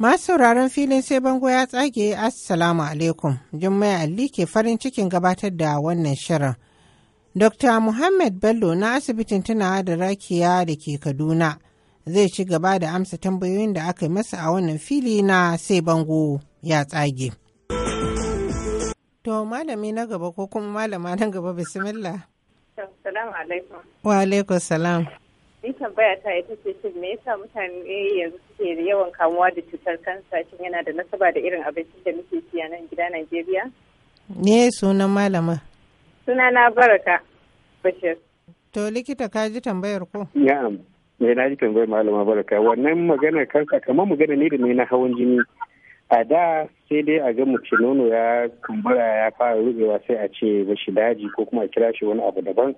Masu sauraron filin sai bango ya tsage Assalamu alaikum. Jummai Ali ke farin cikin gabatar da wannan shirin. Dr. Muhammad Bello na asibitin tunawa da rakiya da ke Kaduna zai ci gaba da amsa tambayoyin da aka yi masa a wannan fili na sai bango ya tsage. To malami na gaba ko kuma malama na gaba bismillah. Assalamu alaikum. Wa alaikum Ni tambaya ta ita ce shin me yasa mutane yanzu suke yawan kamuwa da cutar kansa shin yana da nasaba da irin abincin da muke ci a nan gida Najeriya? Me sunan malama? na Baraka Bashir. To likita ka ji tambayar ko? Na'am. Me na ji tambayar malama Baraka wannan magana kansa kamar magana ne da me na hawan jini. a da sai dai a ga mace nono ya kumbura ya fara rubewa sai a ce ba shi daji ko kuma a kira shi wani abu daban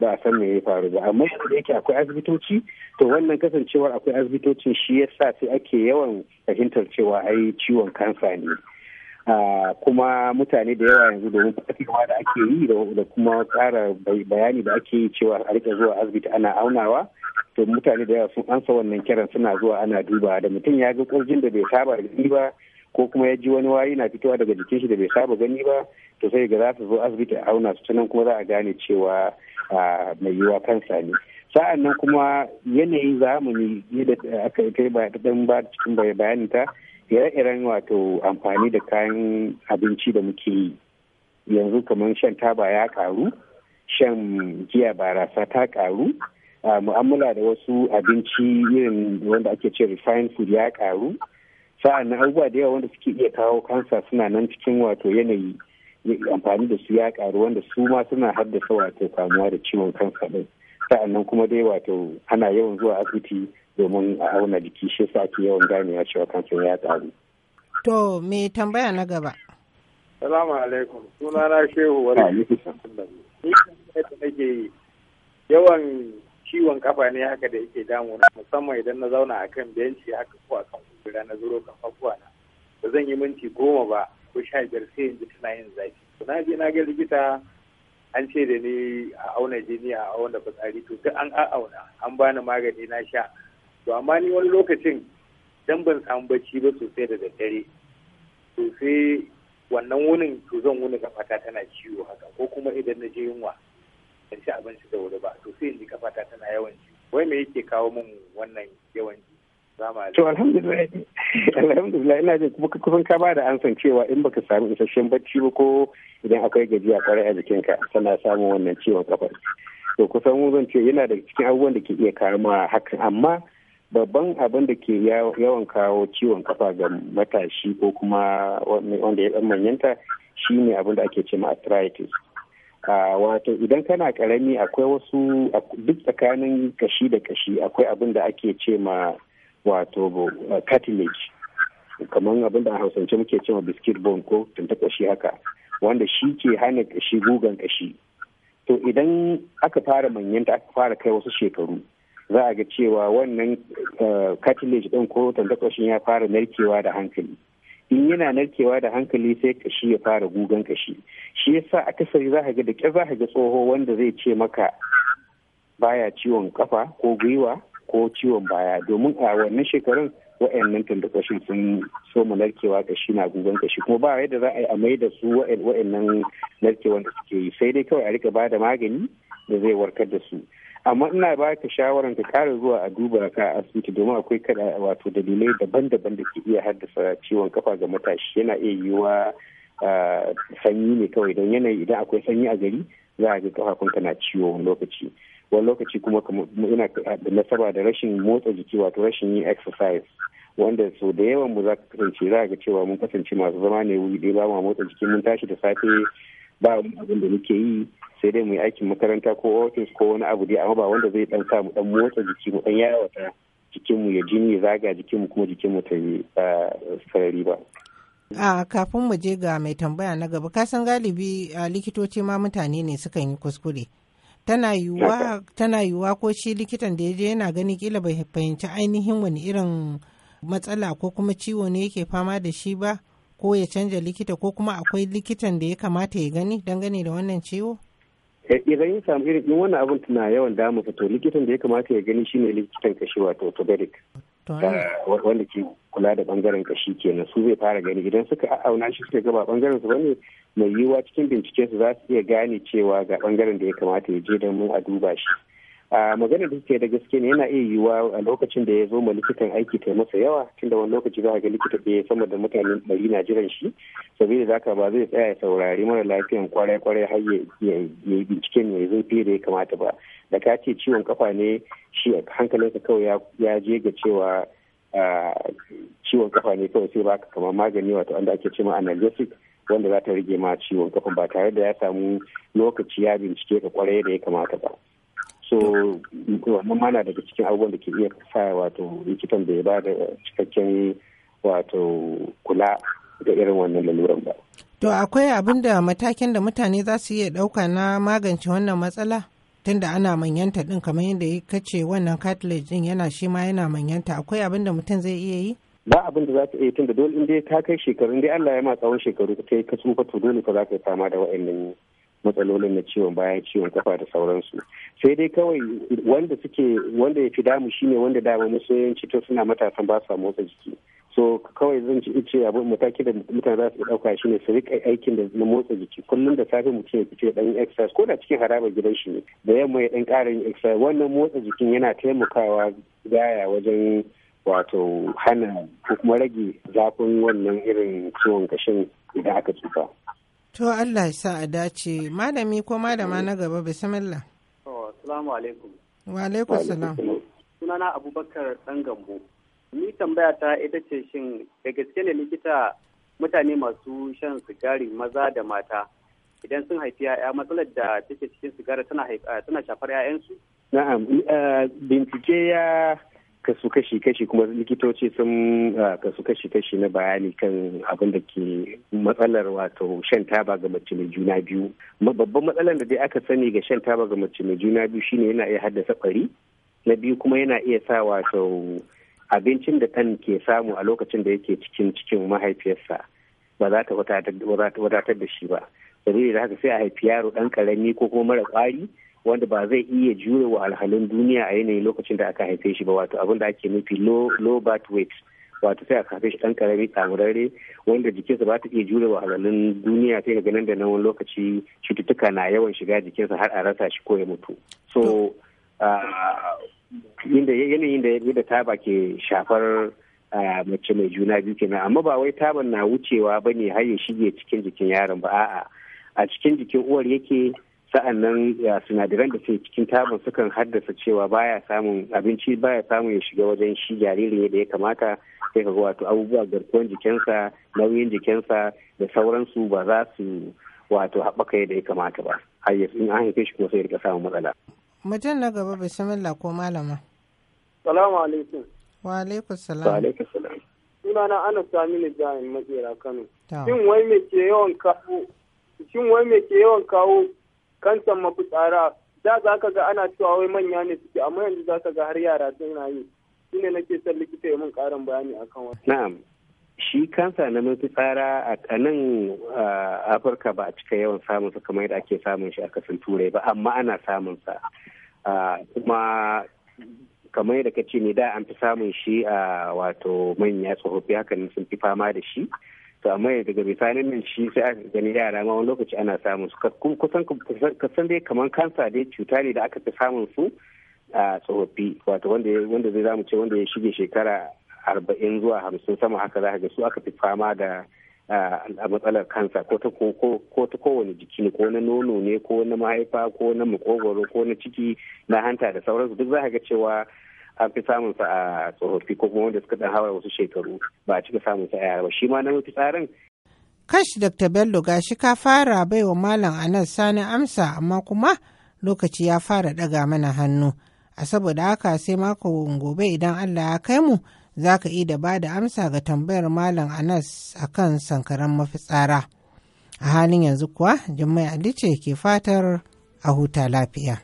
ba a san me ya faru ba amma da yake akwai asibitoci to wannan kasancewar akwai asibitocin shi ya yasa sai ake yawan fahimtar cewa ai ciwon kansa ne kuma mutane da yawa yanzu domin fatiwa da ake yi da kuma ƙara bayani da ake yi cewa a rika zuwa asibiti ana aunawa to mutane da yawa sun ansa wannan kiran suna zuwa ana duba. da mutum ya ga ƙurjin da bai saba da ba ko kuma ya ji wani wayi na fitowa daga jikin shi da bai saba gani ba to sai ga za su zo asibiti a auna su nan kuma za a gane cewa mai yiwuwa kansa ne sa'an nan kuma yanayin zamani yadda aka kai ba ba cikin bayanin ta ire-iren wato amfani da kayan abinci da muke yi yanzu kamar shan taba ya karu shan giya barasa ta karu mu'amala da wasu abinci irin wanda ake ce refined food ya karu sa'an abubuwa da yawa wanda suke iya kawo kansa suna nan cikin wato yanayi amfani da su ya karu wanda su ma suna haddasa wato kamuwa da ciwon kansa din sa'annan kuma dai wato ana yawan zuwa asibiti domin a auna jiki shi sa ake yawan ganewa cewa kansa ya karu to me tambaya na gaba salamu alaikum suna na shehu wani ni da nake yawan ciwon kafa ne haka da yake damuna musamman idan na zauna akan benci haka ko a furfura na zuro kan fafuwa na ba zan yi minti goma ba ko sha biyar sai in tana yin zafi na je na ga likita an ce da ni a auna jini a auna fitsari to duk an auna an bani magani na sha to amma ni wani lokacin dan ban samu bacci ba sosai da daddare to sai wannan wunin to zan wuni kafata tana ciwo haka ko kuma idan na je yunwa ban ci abinci da wuri ba to sai in ji kafata tana yawanci ciwo wai me yake kawo min wannan yawanci. To alhamdulillah ina jin kuma kusan ka bada ansan cewa in baka samu isasshen bacci ba ko idan akwai gajiya kwarai a jikinka tana samun wannan ciwon kafa To kusan mu zan ce yana da cikin abubuwan da ke iya kawo ma hakan amma babban abin da ke yawan kawo ciwon kafa ga matashi ko kuma wanda ya dan manyanta shine abin da ake ce ma arthritis. wato idan kana karami akwai wasu duk tsakanin kashi da kashi akwai abin da ake ce ma wato uh, cartilage kamar abin da a hausance muke cewa biskit bone ko tunta kashi haka wanda shi ke hana kashi gugan kashi to idan aka fara manyanta aka fara kai wasu shekaru za a ga cewa wannan uh, cartilage din ko tunta kashin ya fara narkewa da hankali in yana narkewa da hankali sai kashi ya fara gugan kashi shi yasa akasari za ka ga da ƙyar za ka ga tsoho wanda zai ce maka baya ciwon kafa ko gwiwa ko ciwon baya domin a wannan shekarun wa'annan tantakwashin sun so mu narkewa shi na gugan kashi kuma ba yadda za a yi a mai da su wa'annan narkewan da suke yi sai dai kawai a rika ba da magani da zai warkar da su amma ina ba ka shawaran ka kare zuwa a duba ka asibiti domin akwai kada wato dalilai daban-daban da ke iya haddasa ciwon kafa ga matashi yana iya yiwuwa sanyi ne kawai don yanayi idan akwai sanyi a gari za a ga kafafunka na ciwo lokaci wani lokaci kuma ina da nasaba da rashin motsa jiki wato rashin yin exercise wanda so da yawan mu za ka kasance za ga cewa mun kasance masu zama ne wuri ɗaya ba mu motsa jiki mun tashi da safe ba abin da muke yi sai dai mu yi aikin makaranta ko ofis ko wani abu dai amma ba wanda zai dan sa mu dan motsa jiki mu dan yawata jikinmu ya jini zaga jikinmu kuma jikinmu ta yi sarari ba. A kafin mu je ga mai tambaya na gaba, kasan galibi likitoci ma mutane ne sukan yi kuskure. tana yiwuwa ko shi likitan da ya je yana gani kila bai fahimci ainihin wani irin matsala ko kuma ciwo ne yake fama da shi ba ko ya canja likita ko kuma akwai likitan da ya kamata ya gani dangane da wannan ciwo? Eh, idan ya samu irin wannan abin tana yawan damu fito likitan da ya kamata ya gani shine likitan kashi wato orthopedic ah, wanda ke kula da bangaren kashi kenan su zai fara gani idan suka auna shi suka gaba bangaren su bane mai yiwuwa cikin binciken su za su iya gane cewa ga bangaren da ya kamata ya je don mun a duba shi a magana da suke da gaske ne yana iya yiwuwa a lokacin da ya zo ma likitan aiki ta masa yawa tunda wani lokaci za ga likita ɗaya sama da mutane ɗari na jiran shi saboda za ka ba zai tsaya ya saurari mara lafiyan kwarai kwarai har ya yi binciken ya zo fiye da ya kamata ba da ka ce ciwon kafa ne shi hankalinsa kawai ya je ga cewa ciwon kafa ne kawai sai baka kamar magani wato wanda ake cewa analgesic wanda za ta rage ma ciwon kafa ba tare da ya samu lokaci ya bincike ka kwarai da ya kamata ba so wannan mana daga cikin abubuwan da ke iya sa wato likitan da ya ba da cikakken wato kula da irin wannan laluran ba to akwai abin da matakin da mutane za su iya ɗauka na magance wannan matsala tunda ana manyanta din kamar yadda ya kace wannan cartilage din yana shi ma yana manyanta akwai abin da mutum zai iya yi ba abin da za ka iya tunda dole in dai ka kai shekaru dai Allah ya ma tsawon shekaru ka kai ka tsufa to dole ka za ka fama da wa'annan matsalolin na ciwon baya ciwon kafa da sauransu sai dai kawai wanda suke wanda ya fi damu shine wanda dama masoyanci to suna matasan ba sa motsa jiki so kawai zan ci ce abin mataki da mutane za su ɗauka shine su rika aikin da na motsa jiki kullum da safe mutum ya fice dan exercise ko da cikin harabar gidan shi ne da yamma ya dan ƙara yin exercise wannan motsa jikin yana taimakawa gaya wajen wato hana ko kuma rage zafin wannan irin ciwon kashin idan aka tsufa. To Allah ya sa a dace malami ko malama na gaba bismillah. Assalamu alaikum. Wa alaikum salam. Sunana Abubakar Dan Gambo. ni tambaya ta ita ce shin da gaske ne likita mutane masu shan sigari maza da mata idan sun haifi ya'ya matsalar da take cikin sigari tana eh, tana shafar ya'yansu na'am eh, bincike ya kasu kashi kashi kuma likitoci sun eh, kasu kashi kashi na bayani kan abin da ke matsalar wato shan taba ga mace mai juna biyu babban matsalar da dai aka sani ga shan taba ga mace mai juna biyu shine yana iya haddasa kwari na biyu kuma yana iya sa wato abincin da ɗan ke samu a lokacin da yake cikin cikin mahaifiyarsa ba za ta wadatar da shi ba sabili da haka sai a haifi yaro ɗan ƙarami ko kuma mara ƙwari wanda ba zai iya jure wa alhalin duniya a yanayin lokacin da aka haife shi ba wato abin da ake nufi low birth weight wato sai a kafe shi ɗan ƙarami kamurare wanda jikinsa ba ta iya jure wa alhalin duniya sai ga nan da nan wani lokaci cututtuka na yawan shiga jikinsa har a rasa shi ko ya mutu so uh, inda yanayin da yadda taba ke shafar mace mai juna biyu kenan amma ba wai taban na wucewa ba ne har ya shige cikin jikin yaron ba a'a a cikin jikin uwar yake sa'an nan sinadaran da ke cikin taban sukan haddasa cewa baya samun abinci baya samun ya shiga wajen shi jaririn yadda ya kamata sai ka wato abubuwa garkuwan jikinsa nauyin jikinsa da sauransu ba za su wato haɓaka yadda ya kamata ba har in an haife shi kuma sai rika samun matsala Mutum na gaba bismillah ko malama. Salamu alaikum. Wa alaikum salam. Wa Suna na ana sami ne jami'in matsera Kano. Shin wai me ke yawan kawo shin wai me ke kansan mafitsara da za ka ga ana cewa wai manya ne suke amma yanzu za ka ga har yara suna yi shine nake son likita ya mun karin bayani akan wannan. Na'am. shi kansa na tsara a nan afirka ba a cika yawan samun su kamar yadda ake samun shi a kasan turai ba amma ana samun sa kuma kamar yadda ka ne da an fi samun shi a wato manya tsofaffi hakan sun fi fama da shi to amma daga bisanin nan shi sai a gani yara ma wani lokaci ana samun su kusan kusan dai kamar kansa dai cuta ne da aka fi samun su a tsofaffi wato wanda wanda zai zamu ce wanda ya shige shekara arba'in zuwa hamsin sama haka za ga su aka fi fama da a matsalar kansa ko ta ko ta kowane jiki ne ko na nono ne ko na mahaifa ko na makogoro ko na ciki na hanta da sauransu duk za ga cewa an fi samun sa a tsofaffi ko kuma wanda suka dan hawa wasu shekaru ba a cika samun sa a yara ba shi ma na mafi tsarin kash dr bello gashi ka fara baiwa malam anas sani amsa amma kuma lokaci ya fara daga mana hannu a saboda haka sai mako gobe idan allah ya kai mu za ka iya ba da amsa ga tambayar Malam Anas a kan sankaran mafitsara. A halin yanzu kuwa, Jummai Ali ce ke fatar a huta lafiya.